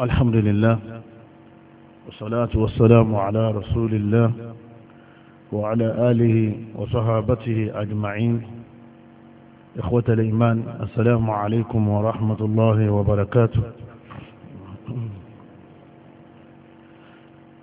الحمد لله والصلاة والسلام على رسول الله وعلى آله وصحابته أجمعين إخوة الإيمان السلام عليكم ورحمة الله وبركاته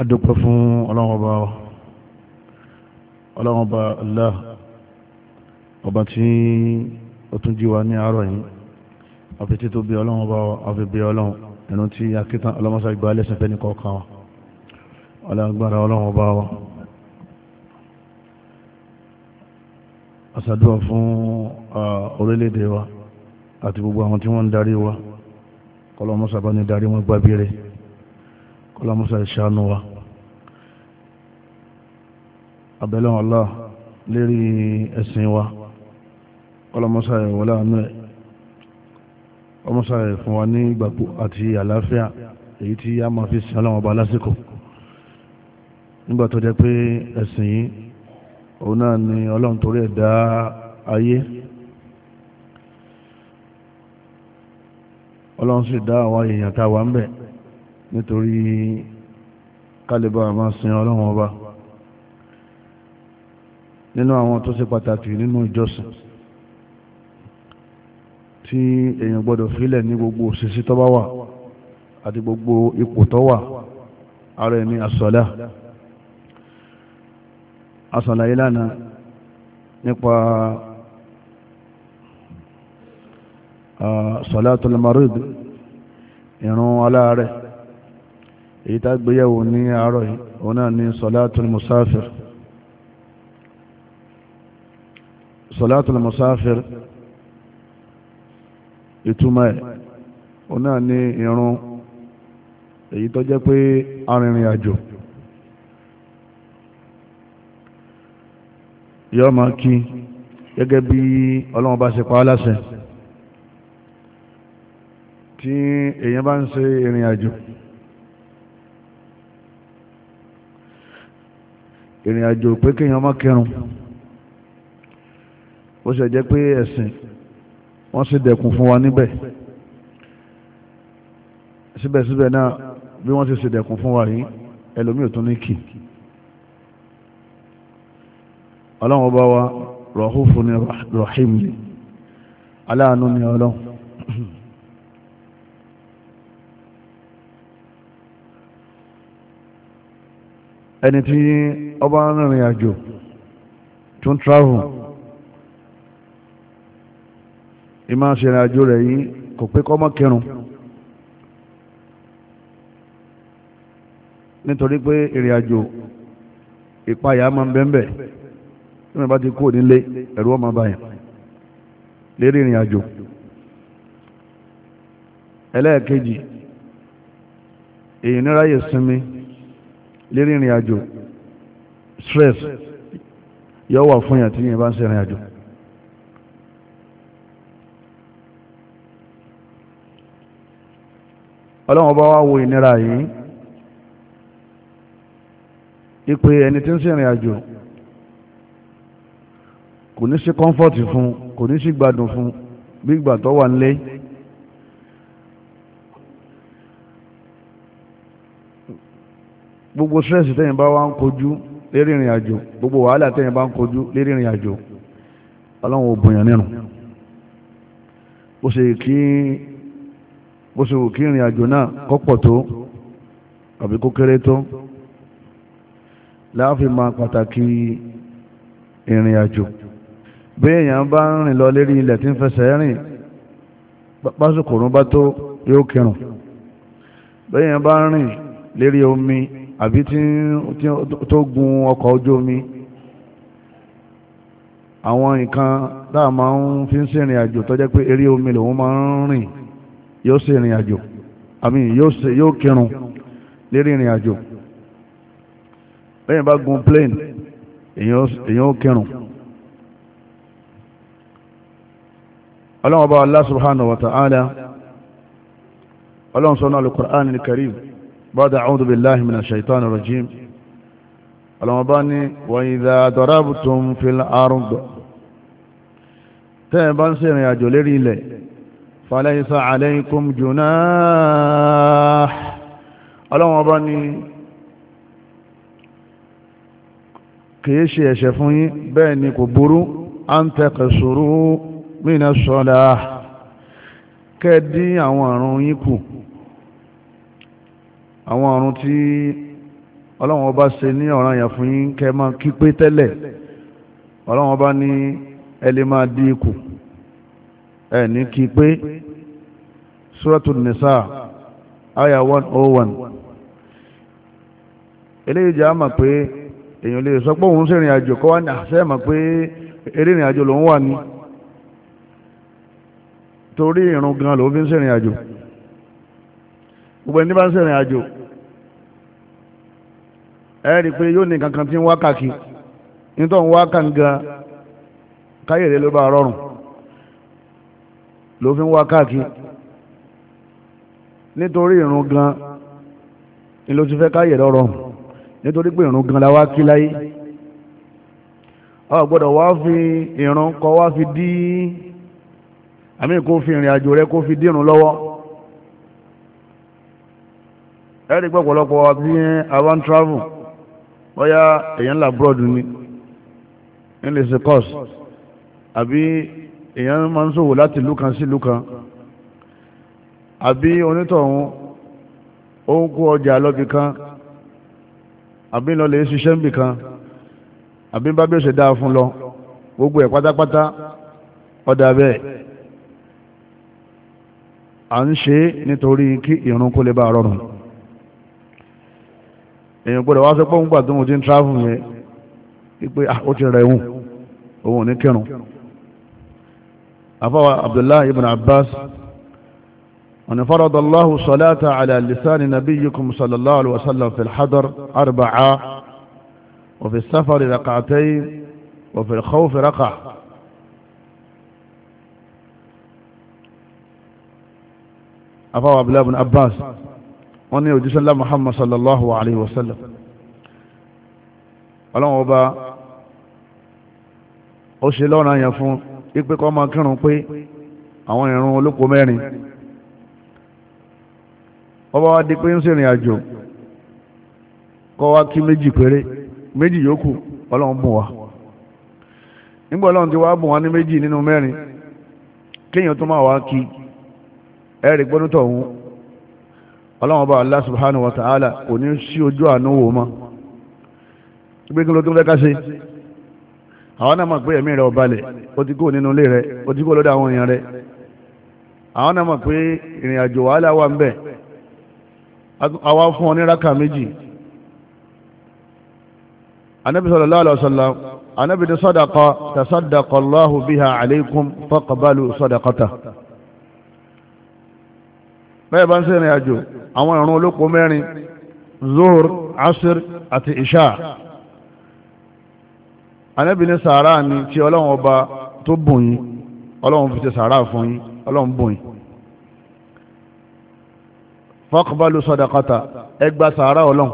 adúpẹ́ fún ọlọ́wọ́ba ọlọ́wọ́ba Allah ọba tí ó tún jí wa ní àárọ̀ yìí ọ̀fẹ́ títò bí ọlọ́wọ́ba ẹnu tí akítan ọlọ́mọsá ìgbà lẹ́sìn fẹ́ ní kọ̀ọ̀kan wa ọlọ́gbàrá ọlọ́run ọba wa asàdúrà fún orílẹ̀-èdè wa àti gbogbo àwọn tí wọ́n ń darí wa kọlọ́mọsá bá ní darí wọn gbàbí rẹ̀ kọlọ́mọsá ìṣàánú wa abẹ́lẹ́ Allah lérí ẹ̀sìn wa kọlọ́mọsá ìwọlá náà ọmọsáyẹ̀ fún wa ní ìgbàpò àti àlàáfíà èyí tí a máa fi sin ọlọ́wọ́n ọba lásìkò nígbà tó jẹ́ pé ẹ̀sìn yìí òun náà ni ọlọ́run torí ẹ̀ dá ayé ọlọ́run sì dá àwa èèyàn tá a wà ń bẹ̀ nítorí kálíbà máa sin ọlọ́run ọba nínú àwọn tó ṣe pàtàkì nínú ìjọsìn tí èèyàn gbọ́dọ̀ fílẹ̀ ní gbogbo òṣìṣí tó bá wà àti gbogbo ipò tó wà ara ẹni àsọ̀lá àsọ̀lá ìlànà nípa salatul marid ìrun aláàrẹ̀ èyí tá gbéyẹ̀wò ní àárọ̀ òun náà ni salatul musafir ìtumọ̀ ẹ̀ òun náà ní irun èyí tó jẹ́ pé arìnrìn àjò yóò máa kí gẹ́gẹ́ bí ọlọ́run bá ṣe pa á láṣẹ tí èèyàn bá ń ṣe ìrìn àjò ìrìn àjò pé kéèyàn má kírun ó ṣe jẹ́ pé ẹ̀sìn wọ́n sì dẹ̀kùn fún wa níbẹ̀ síbẹ̀síbẹ̀ náà bí wọ́n ti sì dẹ̀kùn fún wa yìí ẹlòmíì tún ní kì ọlọ́run ọba wa rọ̀húfù ni rahim ni aláàánú ni ọlọ́run ẹni tí ọba rìnrìn àjò tún travel ìmá ṣe ìrìnàjò rẹ̀ yìí kò pé kọ́mọ́ kẹrùn nítorí pé ìrìnàjò ìpayà máa ń bẹ́ńbẹ́ tí wọ́n bá ti kúrò nílé ẹ̀rù ọmọ báyà lérí ìrìnàjò ẹlẹ́ẹ̀kejì èyí ní ráyè sinmi lérí ìrìnàjò stress yọ wà fún yàn tí yẹn bá ń ṣe ìrìnàjò. ọlọ́run bá wá wo ìnira yìí ipe ẹni tí ń sìnrìn àjò kò ní sí kọ́ńfọ́ọ̀tì fún kò ní sí gbádùn fún bí ìgbà tó wà nílé gbogbo stress tẹ́yìn bá wá ń kojú lérí ìrìn àjò gbogbo wàhálà tẹ́yìn bá ń kojú lérí ìrìn àjò ọlọ́run ò bùnyàn nínú ó sì kí bó ṣe wù kí ìrìn àjò náà kọ́pọ̀ tó àbí kó kéré tó láàfin máa pàtàkì ìrìn àjò bí èèyàn bá ń rìn lọ lérí ilẹ̀ tí ń fẹsẹ̀ rìn pásùkòrún bá tó yóò kírun bí èèyàn bá ń rìn lérí omi àbí tí tó gun ọkọ̀ ojú omi àwọn nǹkan dáa máa ń fi ń sìnrìn àjò tó jẹ́ pé eré omi lòun máa ń rìn yóò ṣe ìrìn àjò àmì yóò kírun lérí ìrìn àjò lẹ́yìn bá gun plane èyàn ó kírun ọlọ́run ọba Allah subhanahu wa ta'ala ọlọ́run sọ́nà al-Qur'an al-Karim ba'da a'udhu billahi minash shaitani rajim ọlọ́run ọba ní wa idha darabtum fil ard tẹ́ẹ̀ bá ń ṣèrìn àjò lérí ilẹ̀ فليس عليكم جناح ọlọ́wọ́n ọba ni kìí ṣe ẹ̀ṣẹ̀ fún yín bẹ́ẹ̀ ni kò burú an taqsuru mina salah kẹ́ẹ̀dí àwọn àrùn yín kù àwọn àrùn tí ọlọ́wọ́n ọba ṣe ní ọ̀ràn yà fún yín kẹ́ẹ̀ máa kí pé tẹ́lẹ̀ ọlọ́wọ́n ọba ni ẹ máa dín kù ẹ̀ ní kí pé suratul nisa aya 101 eléyìí jẹ́ àmà pé èèyàn lè sọ pé òun ṣèrìn àjò kọ́ wá ní àṣẹ àmà pé erérìn àjò lòun wà ní torí ìrun gan lòun fi ń ṣèrìn àjò gbogbo ẹni bá ń ṣèrìn àjò ẹ rí i pé yóò ní kankan tí ń wá kàkí nítorí wá kàǹgà káyèrè ló bá rọrùn ló fi ń wá káàkiri nítorí ìrun gan ni ló ti fẹ́ káyè lọ́rọ̀ nítorí pé ìrun gan la wá kí láyé ọ gbọ́dọ̀ wá fi ìrun kọ wá fi dí àmì kó fi ìrìn àjò rẹ kó fi dírun lọ́wọ́ ẹ̀rí pọ̀pọ̀lọpọ̀ bí àwọn travel bóyá èèyàn là broad ni ń course àbí èèyàn máa ń ṣòwò láti ìlú kan sí ìlú kan àbí onítọ̀hún ó ń kó ọjà lọ́bì kan àbí lọ́lẹ̀ ṣiṣẹ́ ń bì kan àbí bá bí ó ṣe dáa fún lọ gbogbo ẹ̀ pátápátá ọ̀dà bẹ́ẹ̀ à ń ṣe nítorí kí ìrun kó lè bá rọrùn èèyàn gbọ́dọ̀ wá sọ pé tó mo ti ń tráfù yẹn pé ah, ó ti rẹ̀ wù òun ò ní kírun أفوى عبد الله بن عباس أن فرض الله صلاة على لسان نبيكم صلى الله عليه وسلم في الحضر أربعة وفي السفر ركعتين وفي الخوف ركعة أفوى عبد الله بن عباس أن ní الله محمد صلى الله عليه وسلم sallam ọlọ́run ọba ó ṣe lọ́ranyàn ipe kọ́ máa kírun pé àwọn ìrun olóko mẹ́rin ọba wa di pé ń sìnrìn àjò kọ́ kí méjì péré méjì yòókù ọlọ́run bùn nígbà ọlọ́run ti wá bùn ní méjì nínú mẹ́rin kéèyàn tó máa wá kí àwọn náà mọ̀ pé ẹ̀mí rẹ̀ ọ̀balẹ̀ ó ti kó nínú ilé rẹ̀ ó ti kó lọ́dọ̀ àwọn èèyàn rẹ̀ àwọn náà mọ̀ pé ìrìn àjò wàhálà wà ń bẹ̀ àwa fún ọ ní rákà méjì anabi sallallahu alaihi wasallam anabi ni sadaqa tasaddaqa allahu biha alaykum faqbalu sadaqata bẹ́ẹ̀ bá ń sẹ́rìn àjò àwọn ìrun olóko mẹ́rin zuhur asir àti isha anábì ní sàárà ni tí ọlọ́run ọba tó bùn yín ọlọ́run fi ṣe sàárà fún yín ọlọ́run bùn yín faqbalu sadaqata ẹ gba sàárà ọlọ́run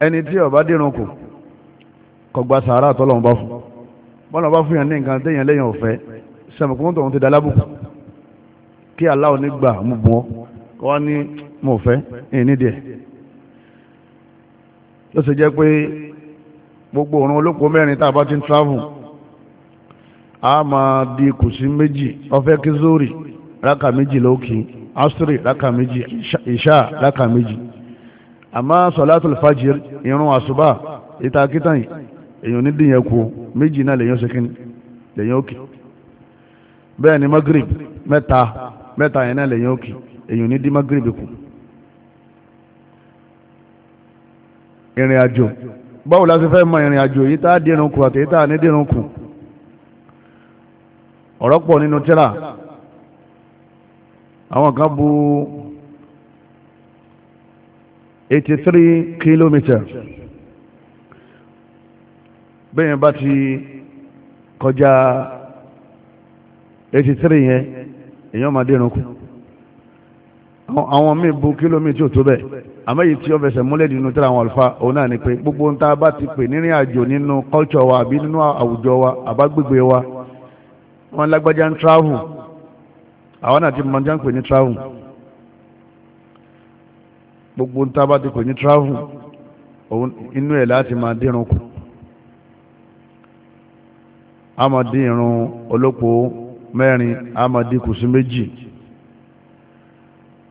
ẹni tí ọba dìrun kù kò gba sàárà tọ́lọ́run bá fún bọ́lá bá fún yàn ní nǹkan téèyàn léèyàn ọ̀fẹ́ sẹ̀mùkún tóun ti dalábùkù kí aláwọ̀ nígbà mú bùn ọ́ wọ́n ní mo fẹ́ ìnídìí ẹ̀ ló sì jẹ́ pé gbogbo òrùn olóko mẹ́rin tá a bá ti ń travel a máa di kùsí méjì ọfẹ́ kí zori rákà méjì lókè asiri rákà méjì ìṣá rákà méjì àmọ́ sọ̀látùl fàjìr irun àṣùbà ìta kíntàn èèyàn ní dìyẹn kú méjì náà lèyàn ṣe kíni lèyàn òkè bẹ́ẹ̀ ni magrib mẹ́ta mẹ́ta yẹn náà lèyàn òkè èèyàn ní dí magrib kù ìrìn àjò báwo la ṣe fẹ́ mọ ìrìn àjò yìí tá a kù àti tá ní dínrún kù kan bu 83km kilometre bẹ́ẹ̀ bá ti kọjá 83 yẹn èèyàn máa dínrún kù bu kílómítì ò àmọ́ èyí tí ó fẹsẹ̀ múlẹ̀ nínú tíra àwọn àlùfáà òun náà ni pé gbogbo ohun bá ti pè nírìn àjò nínú culture wa àbí nínú àwùjọ wa àbágbègbè wa wọn lágbájá ń travel àwọn náà ti mọ jẹ́ ń pè ní travel gbogbo ohun tá a bá ti pè ní travel òun inú ẹ̀ láti máa dírun kù a irun olóko mẹ́rin a kùsùn méjì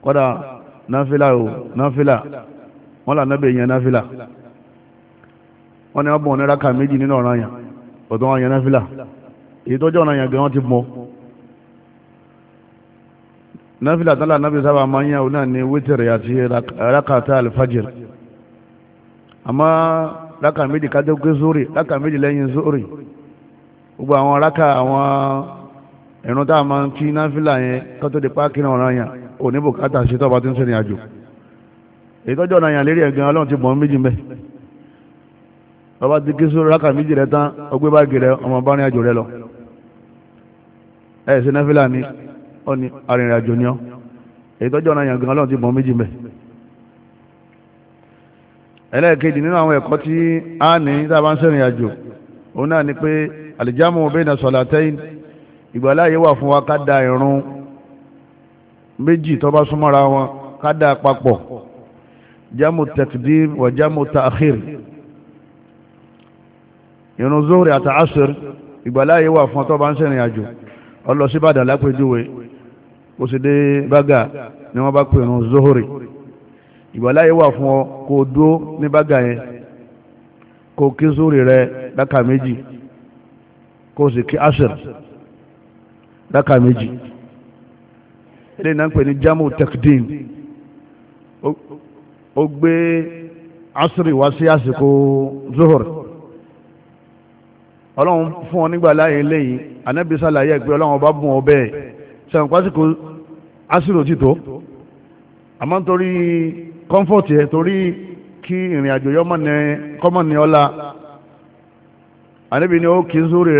kódà náfílà o náfílà wọ́n là nábẹ̀ yẹn náfílà wọ́n ní ọgbọ̀n onírà ká méjì nínú ọ̀ràn yẹn ọ̀dọ́ wọn yẹn náfílà èyí tó jẹ́ ọ̀ràn yẹn gan wọ́n ti mọ́ náfílà tálà nábẹ̀ sábà máa ń yẹn o náà ní wítìrì àti rákàtà alifájìrì àmọ́ rákà méjì kájọ pé sórí rákà méjì lẹ́yìn sórí gbogbo àwọn rákà àwọn ìrun tá a máa ń kí náfílà yẹn kó di pákí náà yẹn oníbùkátà ṣe tọ́ba tí ń sìnrìn àjò ìtọ́jú ọ̀nà yàn lérí ẹ̀gàn ọlọ́run ti bọ̀ ń méjì mẹ́ bàbá ti kí sórí rákà méjì rẹ tán ọgbẹ́ báàgì rẹ ọmọ bá rìn àjò rẹ lọ ẹ̀ sí náfìlà ni ọ ni arìnrìn àjò ni ọ ìtọ́jú ọ̀nà yàn gan ọlọ́run ti bọ̀ méjì mẹ́ ẹlẹ́ẹ̀kejì nínú àwọn ẹ̀kọ́ tí a ní tá ń sẹ́rìn àjò òun náà ni pé àlìjáàmù bẹ́ẹ̀ náà sọ̀lá tẹ́yìn ìgbàláyé wà fún wa ká da ìrun méjì tó bá súnmọ́ra wọn kádà papọ̀ jamu takdim wa jamu ta'khir ìrun zuhri àti asir ìgbàláyé wà fún tó bá ń sẹ́rìn àjò ọlọ sí Ìbàdàn lápẹjúwe ó sì dé bága ni wọ́n bá pè ìrun zuhri ìgbàláyé wà fún ọ kó dúó ní bága yẹn kó kí zuhri rẹ dáka méjì kó sì kí asir dáka méjì. e na ń pè ní jamu takdim ó gbé asiri wá sí àsìkò zuhur ọlọ́run fún ọ nígbà láàyè lẹ́yìn anábì sàlàyé ẹ̀ pé ọlọ́run bá bùn ọ bẹ́ẹ̀ sẹ̀wọ̀n asiri ò ti tó àmọ́ nítorí kọ́ńfọ̀tì ẹ̀ torí kí ìrìn àjò yọmọ ní kọ́mọ ní ọlá anábì ni ó asiri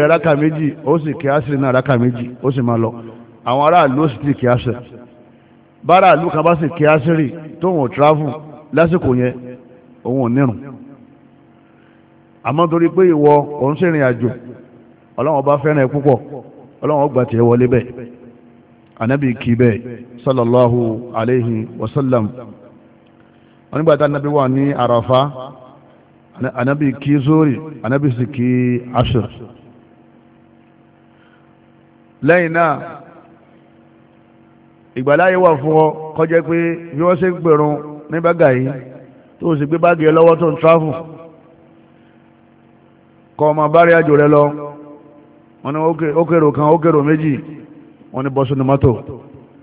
náà rákà méjì ó àwọn aráàlú ó sì ti kí aṣẹ bára àlú kan bá sì kí aṣẹ́rì tóun ò travel lásìkò yẹn òun ò nírun àmọ́ torí pé ìwọ òun ṣèrìn àjò ọlọ́run ọba fẹ́ràn ẹ púpọ̀ ọlọ́run ọgbà tiẹ̀ wọlé bẹ́ẹ̀ anabi kì í bẹ́ẹ̀ sallallahu alayhi wa sallam onígbàtà anabi wà ní àràfá anabi kì í zori anabi sì kì í ashr lẹ́yìn náà ìgbàláyé wà fún ọ kọjá pé bí wọ́n ṣe ń pèrún ní bága yìí tó sì gbé báàgì ẹ lọ́wọ́ tó ń tráfù kọ ọmọ àjò rẹ lọ wọn ni ó kan ó kérò méjì wọn ni ní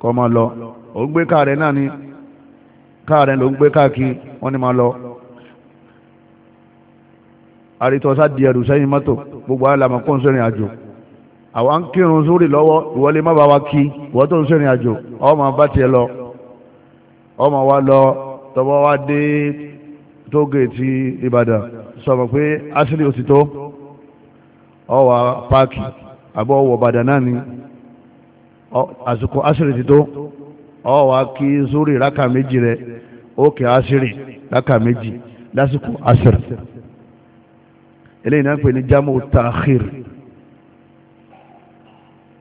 kọ ọmọ lọ ń gbé káà rẹ náà ni káà rẹ ló ń gbé káàkiri wọn ni máa lọ àrítọ́sá di ẹrù sẹ́yìn gbogbo àlàmọ́ àwa ń kírun sórí lọ́wọ́ ìwọlé má bá wa kí ìwọ tó ń sẹ́rìn àjò ọmọ bá tiẹ̀ lọ ọmọ wa lọ tọwọ́ wa dé tógèètì Ìbàdàn sọmọ pé asili òsìtó ọwà páàkì àbọ̀ ọwọ̀ Ìbàdàn náà ni àsìkò asili òsìtó ọwà kí sórí rákà méjì rẹ òkè asiri rákà méjì lásìkò asiri eléyìí náà ń pè ní jamu ta'khir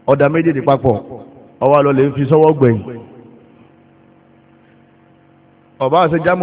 ọ̀dà méjèèjì papọ̀ ọwọ́ àlọ́ lè fi sọ́wọ́ gbẹ̀yìn ọba àṣẹ jámù